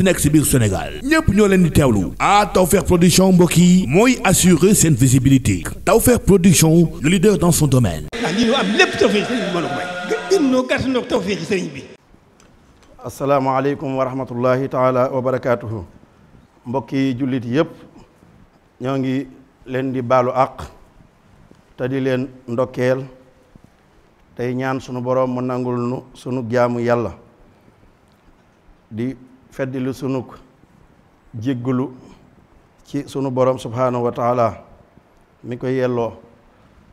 munti nekk si biir Sénégal ñépp ñoo leen di teewlu ah Tawfekh mbokk yi mooy assurer seen visibilité Tawfekh production le leader dans son domaine. ah lii ñu am lépp Tawfekh sëriñ mbokki jullit yëpp ñoo ngi leen di baalu àq te di leen ndokkeel tey ñaan sunu boroom mu nangul nu sunu jaamu yàlla di fedd lu sunuk jéggalu ci sunu borom subhaanahu wa mi ko yelloo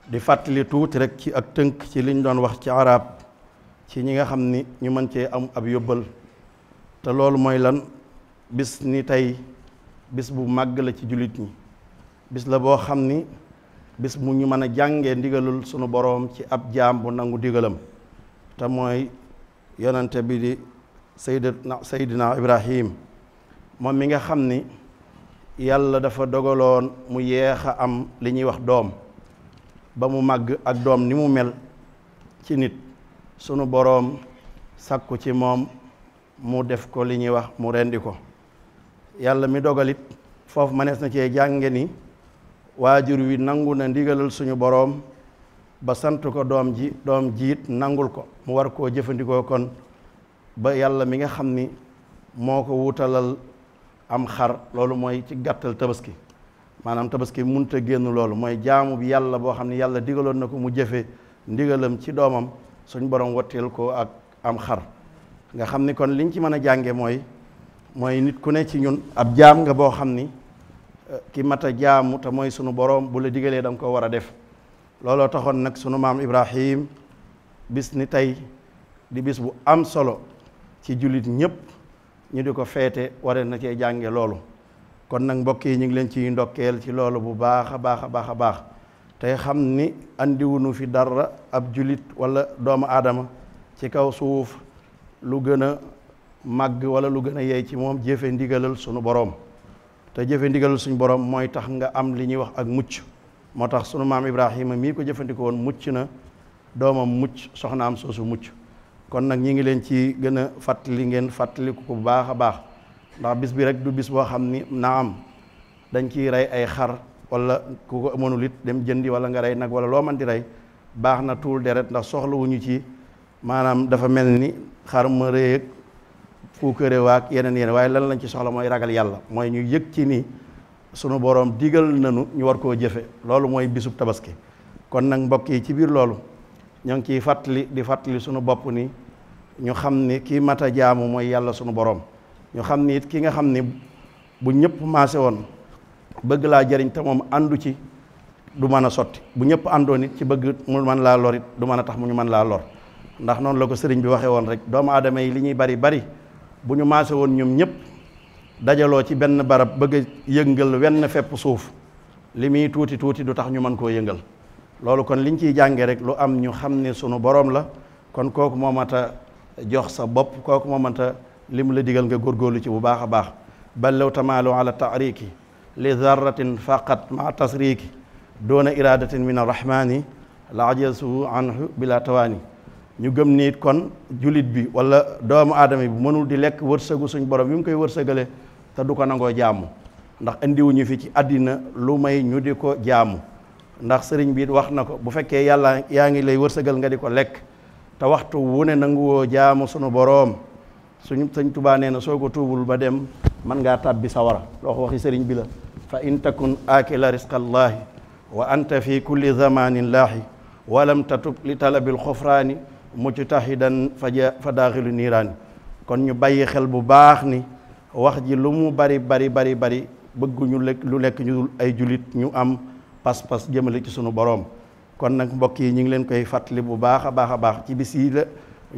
di fàttali tuuti rekk ci ak tënk ci liñ doon wax ci arab ci ñi nga xam ni ñu mën cee am ab yóbbal te loolu mooy lan bis ni tey bis bu màgg la ci jullit ñi bis la boo xam ni bis mu ñu mën a jàngee ndigalul sunu boroom ci ab jaam bu nangu digalam te mooy yonente bi di saydna saydina ibrahim moom mi nga xam ni yàlla dafa dogaloon mu yeex a am li ñuy wax doom ba mu màgg ak doom ni mu mel ci nit sunu boroom sàkku ci moom mu def ko li ñuy wax mu rendi ko yàlla mi dogalit foofu mënees na cee jànge ni waajur wi nangu na ndigalal suñu boroom ba sant ko doom ji doom jiit nangul ko mu war koo jëfandikoo kon ba yàlla mi nga xam ni moo ko wutalal am xar loolu mooy ci gàttal tabaski maanaam tabaski munta génn loolu mooy jaamu bi yàlla boo xam ne yàlla digaloon na ko mu jëfe ndigalam ci doomam suñu borom watteel ko ak am xar nga xam ni kon liñ ci mën a jànge mooy mooy nit ku ne ci ñun ab jaam nga boo xam ni eh, ki mat a jaamu mooy sunu boroom bu la digalee danga ko war a def looloo taxoon nag sunu maam Ibrahim bis ni tey di bis bu am solo ci jullit ñëpp ñu di ko feete ware na cee jànge loolu kon nag mbokk yi ñu ngi leen ciy ndokkeel ci loolu bu baax a baax a baax a baax tey xam ni andiwunu fi dara ab jullit wala doomu aadama ci kaw suuf lu gën a màgg wala lu gën a yey ci moom jëfe ndigalal sunu boroom te jëfe ndigalal suñu boroom mooy tax nga am li ñuy wax ak mucc moo tax sunu maam Ibrahima mii ko jëfandikoon mucc na doomam mucc soxnaam soosu mucc kon nag ñi ngi leen ci gën a fàttali ngeen fàttaliku bu baax a baax ndax bis bi rek du bis boo xam ni naam dañ ciy rey ay xar walla ku ko amoonul it dem jëndi wala nga rey nag wala loo mën di rey baax na tuul deret ndax soxlawuñu ci maanaam dafa mel ni xar ma rëy ak fuukare waak yeneen yeneen waaye lan lañ ci soxla mooy ragal yàlla mooy ñu yëg ci nii sunu boroom digal nanu ñu war koo jëfe loolu mooy bisub tabaski kon nag mbokk yi ci biir loolu ñoo ngi ciy fàttali di fàttali suñu bopp ni ñu xam ni kii mat a jaamu mooy yàlla suñu borom ñu xam ni it ki nga xam ni bu ñëpp maase woon bëgg laa jariñ te moom àndu ci du mën a sotti bu ñëpp àndoon it ci bëgg mu man laa lor du mën a tax mu ñu man laa lor ndax noonu la ko sëriñ bi waxee woon rek doomu aadama yi li ñuy bari bari bu ñu maase woon ñoom ñëpp dajaloo ci benn barab bëgg a yëngal wenn fepp suuf li muy tuuti tuuti du tax ñu mën koo yëngal loolu kon liñ ciy jànge rek lu am ñu xam ne suñu boroom la kon kooku moo mat a jox sa bopp kooku moo mat a li mu la digal nga góor góorlu ci bu baax a baax bal law tamaalu ala tahriki li zarratin faqat ma tasriki doona iradatin min arrahmani la ajasu anhu bila tawaani ñu gëm ni kon julit bi wala doomu aadama bi mënul di lekk wërsëgu suñ borom yi mu koy wërsëgale te du ko nangoo jaamu ndax indiwuñu fi ci àddina lu may ñu di ko jaamu ndax sëriñ bi wax na ko bu fekkee yàlla yaa ngi lay wërsëgal nga di ko lekk te waxtu wu ne nanguwoo jaamu sunu boroom suñu sëñ tubaa nee na soo ko tuubul ba dem man ngaa tàbbi sawara loo ko sëriñ bi la fa in takun aakila risqallaahi wa anta fi kulli zamanin laahi walam tatub li talabil xofraani mujtahidan faja fa daaxilu niiraani kon ñu bàyyi xel bu baax ni wax ji lu mu bari bari bari bari bëgguñu lekk lu lekk ñu ay jullit ñu am pas-pas jëmale ci sunu boroom kon nag mbokk yi ñu ngi leen koy fàttali bu baax a baax a baax ci bis yi la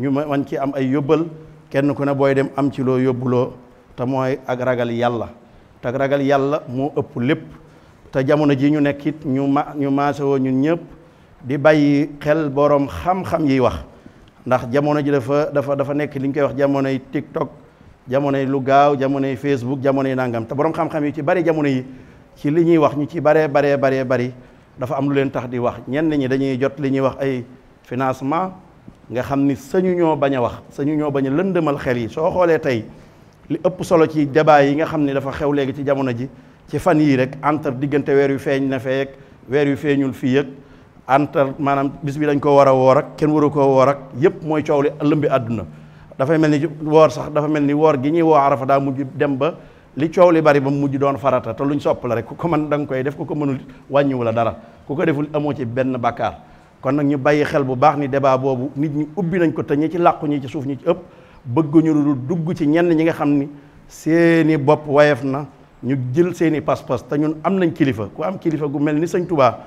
ñu man ci am ay yóbbal kenn ku ne booy dem am ci loo yóbbuloo te mooy ak ragal yàlla te ragal yàlla moo ëpp lépp te jamono ji ñu nekk it ñu ma ñu maase woo ñun ñëpp di bàyyi xel boroom xam-xam yiy wax ndax jamono ji dafa dafa dafa nekk li ñu koy wax jamonoy TikTok jamonoy lu gaaw jamonoy Facebook yi nangam te boroom xam-xam yi ci bari jamono yi ci li ñuy wax ñu ci baree baree baree bari dafa am lu leen tax di wax ñenn ñi dañuy jot li ñuy wax ay financement nga xam ni sañu ñoo bañ a wax sañu ñoo bañ a lëndëmal xel yi soo xoolee tey li ëpp solo ci débat yi nga xam ni dafa xew léegi ci jamono ji ci fan yii rek entre diggante weer yu feeñ na feek weer yu feeñul fii ak entre maanaam bis bi dañ ko war a woor ak kenn waru koo woor ak yépp mooy coow li lëmbi àdduna dafay mel ni woor sax dafa mel ni woor gi ñuy woo arafa daa mujj dem ba li coow li bari ba mu mujj doon farata te luñ sopp la rek ku ko mën da koy def ku ko mënul wàññiwu la dara ku ko deful amoo ci benn bàkkaar kon nag ñu bàyyi xel bu baax ni débat boobu nit ñu ubbi nañ ko te ñu ci làqu ñi ci suuf ñi ci ëpp bëgguñu lu dugg ci ñenn ñi nga xam ni seeni bopp wayef na ñu jël seeni pas-pas te ñun am nañ kilifa ku am kilifa gu mel ni sëñ tubaa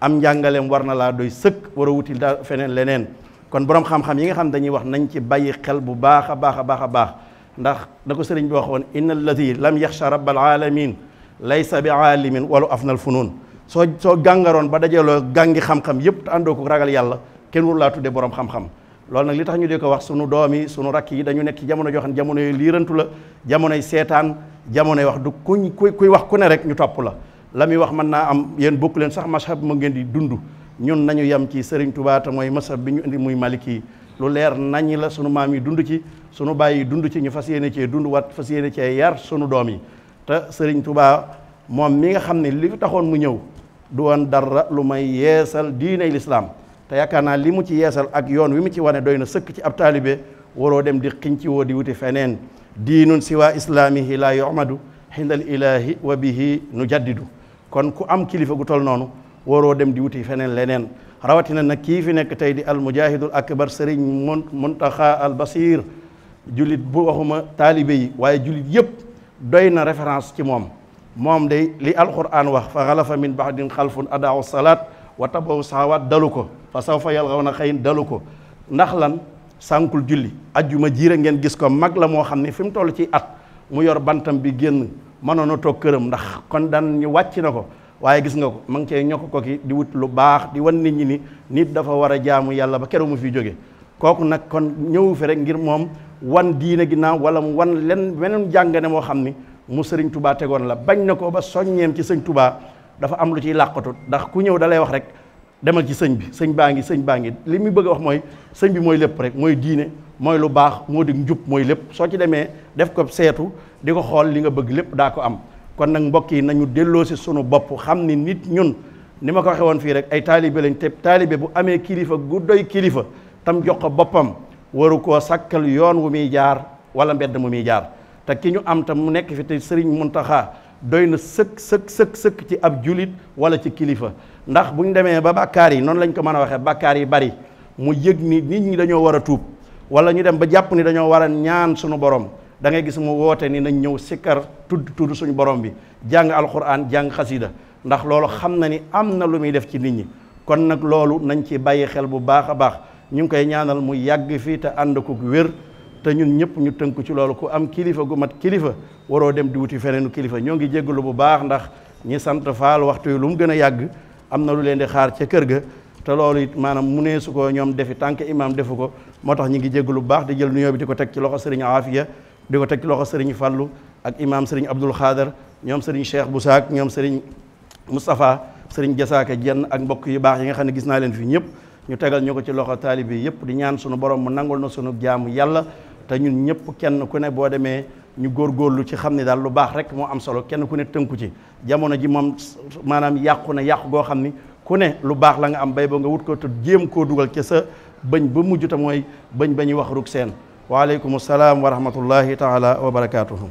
am njàngaleem war na laa doy sëkk war a wuti daa feneen leneen kon borom xam-xam yi nga xam dañuy wax nañ ci bàyyi xel bu baax a baax a baax a baax ndax da ko sëriñ bi wax woon inna alladi lam yaxsha rabbal alamin laysa bi aalimin walu afnal funun soo soo gàngaroon ba dajeeloo gàngi xam-xam yëpp te àndoo ko ragal yàlla kenn wul laa tuddee boroom xam-xam loolu nag li tax ñu di ko wax sunu doom yi sunu rakk yi dañu nekk ci jamono joo xam ne jamono yi liirantu la jamonoy seetaan jamonoy wax du kuñ kuy kuy wax ku ne rek ñu topp la la muy wax mën naa am yéen bokk leen sax mashab ma ngeen di dund ñun nañu yem ci Sëriñ Tuubaa mooy mashab bi ñu indi muy maliki yi lu leer naññ la sunu maam yi dund ci sunu baay yi dund ci ñu fas yéene cee dund wat fas yéene cee yar sunu doom yi te sëriñ Touba moom mi nga xam ne li taxoon mu ñëw du woon dara lu may yeesal diiney lislaam te yaakaar naa li mu ci yeesal ak yoon wi mu ci wane doy na sëkk ci ab taalibe waroo dem di xiñ ci woo di wuti feneen diinun siwa islaamihi laa yu'madu xindal ilaahi wa bihi nu jaddidu kon ku am kilifa gu tol noonu waroo dem di wuti feneen leneen rawatina na kii fi nekk tey di al mujahidul akbar sëriñ mon Muntaxa al Basir jullit bu waxuma taalibe yi waaye jullit yëpp doy na référence ci moom moom day li alquran wax fa xalafa min bahdin xalfun adaawu salaat wa tabawu sahawaat dalu ko fa sawfa yalgawna xayin dalu ko ndax lan sànkul julli ajjuma jiire ngeen gis ko mag la moo xam ne fi mu toll ci at mu yor bantam bi génn mënoon a toog këram ndax kon daan wàcc na ko waaye gis nga ko ma ngi cee ñokk ko ki di wut lu baax di wan nit ñi ni nit dafa war a jaamu yàlla ba keroog mu fi jóge kooku nag kon ñëwu fi rek ngir moom wan diine ginnaaw wala mu wan len meneen jàngane moo xam ni mu sëriñ tubaa tegoon la bañ na ko ba soññeem ci sëñ tubaa dafa am lu ciy làqatu ndax ku ñëw dalay wax rek demal ci sëñ bi sëñ baa ngi sëñ baa ngi li muy bëgg a wax mooy sëñ bi mooy lépp rek mooy diine mooy lu baax moo di njub mooy lépp soo ci demee def ko seetu di ko xool li nga bëgg lépp daa ko am kon nag mbokk yi nañu delloo si sunu bopp xam ni nit ñun ni ma ko waxee woon fii rek ay taalibe lañ te taalibe bu amee kilifa gu doy kilifa tam jox ko boppam waru ko sàkkal yoon wu muy jaar wala mbedd mu muy jaar te ki ñu am tam mu nekk fi te sëriñ Muntaxa doy na sëkk sëkk sëkk sëkk ci ab julit wala ci kilifa ndax bu ñu demee ba bàkkaar yi noonu lañ ko mën a waxee bàkkaar yi bari mu yëg ni nit ñi dañoo war a tuub wala ñu dem ba jàpp ni dañoo war a ñaan sunu borom da ngay gis mu woote ni nañ ñëw sikkar tudd tudd suñu borom bi jàng alxuraan jàng xasida ndax loolu xam na ni am na lu muy def ci nit ñi kon nag loolu nañ ci bàyyi xel bu baax a baax ñu ngi koy ñaanal mu yàgg fii te ànd ko wér te ñun ñëpp ñu tënku ci loolu ku am kilifa gu mat kilifa waroo dem di wuti feneenu kilifa ñoo ngi jéggalu bu baax ndax ñi sant faal waxtu yi lu mu gën a yàgg am na lu leen di xaar ca kër ga te loolu it maanaam mu nee su ko ñoom defi tànk imaam defu ko moo tax ñu ngi jéggalu bu baax di jël nuyoo bi di ko teg ci loxo sëriñ Aafiya di ko teg loxo sëriñ Fàllu ak imaam sëriñ Abdul Xaadar ñoom sëriñ Cheikh Bousak ñoom sëriñ Moustapha sëriñ Jasaaka jenn ak mbokk yu baax yi nga xam ne gis naa leen fii ñëpp ñu tegal ñu ko ci loxo taalibe yëpp di ñaan sunu borom mu nangul na sunu jaamu yàlla te ñun ñëpp kenn ku ne boo demee ñu góor góorgóorlu ci xam ne daal lu baax rek moo am solo kenn ku ne tënku ci jamono ji moom maanaam yàqu na yàqu goo xam ni ku ne lu baax la nga am bay ba nga wut ko te jéem koo dugal ca sa bëñ ba mujj te mooy bëñ ba ñuy wax seen waaleykum salaam wa rahmatullahi taala wa barakaatuhu